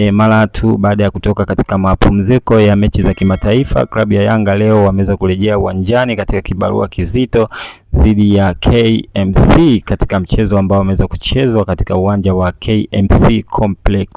E, mara tu baada ya kutoka katika mapumziko ya mechi za kimataifa, klabu ya Yanga leo wameweza kurejea uwanjani katika kibarua kizito dhidi ya KMC katika mchezo ambao umeweza kuchezwa katika uwanja wa KMC Complex.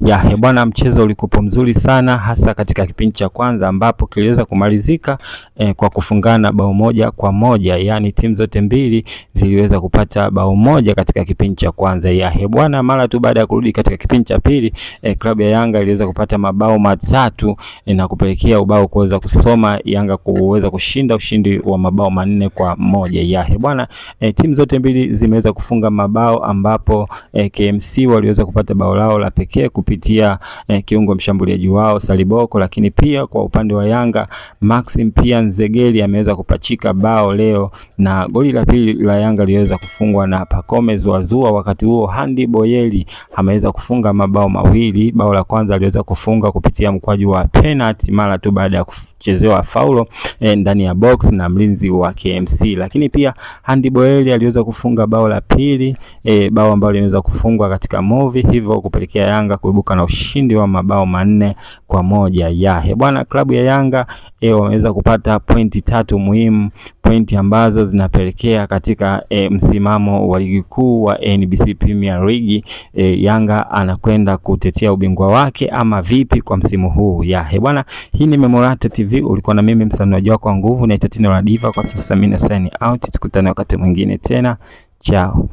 Ya bwana, mchezo ulikuwa mzuri sana hasa katika kipindi cha kwanza ambapo kiliweza kumalizika eh, kwa kufungana bao moja kwa moja, yaani timu zote mbili ziliweza kupata bao moja katika kipindi cha kwanza. Ya bwana, mara tu baada ya kurudi katika kipindi cha pili eh, klabu ya Yanga iliweza kupata mabao matatu eh, na kupelekea ubao kuweza kusoma Yanga kuweza kushinda ushindi wa mabao manne kwa moja moja yahe bwana. E, timu zote mbili zimeweza kufunga mabao ambapo e, eh, KMC waliweza kupata bao lao la pekee kupitia e, kiungo mshambuliaji wao Saliboko, lakini pia kwa upande wa Yanga Maxim pia Nzegeli ameweza kupachika bao leo, na goli la pili la Yanga liweza kufungwa na Pacome Zuazua. Wakati huo Handi Boyeli ameweza kufunga mabao mawili. Bao la kwanza aliweza kufunga kupitia mkwaju wa penalty mara tu baada ya kuchezewa faulo e, ndani ya box na mlinzi wa KMC lakini pia Handi Boeli aliweza kufunga bao la pili e, bao ambalo linaweza kufungwa katika movi, hivyo kupelekea Yanga kuibuka na ushindi wa mabao manne kwa moja ya bwana, klabu ya Yanga e, wameweza kupata pointi tatu muhimu, pointi ambazo zinapelekea katika e, msimamo wa ligi kuu wa NBC Premier League e, Yanga anakwenda kutetea ubingwa wake ama vipi kwa msimu huu ya bwana. Hii ni Memorata TV, ulikuwa na mimi msamiaji wako wa nguvu na tino la diva. Kwa sasa mimi na sign out, tukutane wakati mwingine tena, chao.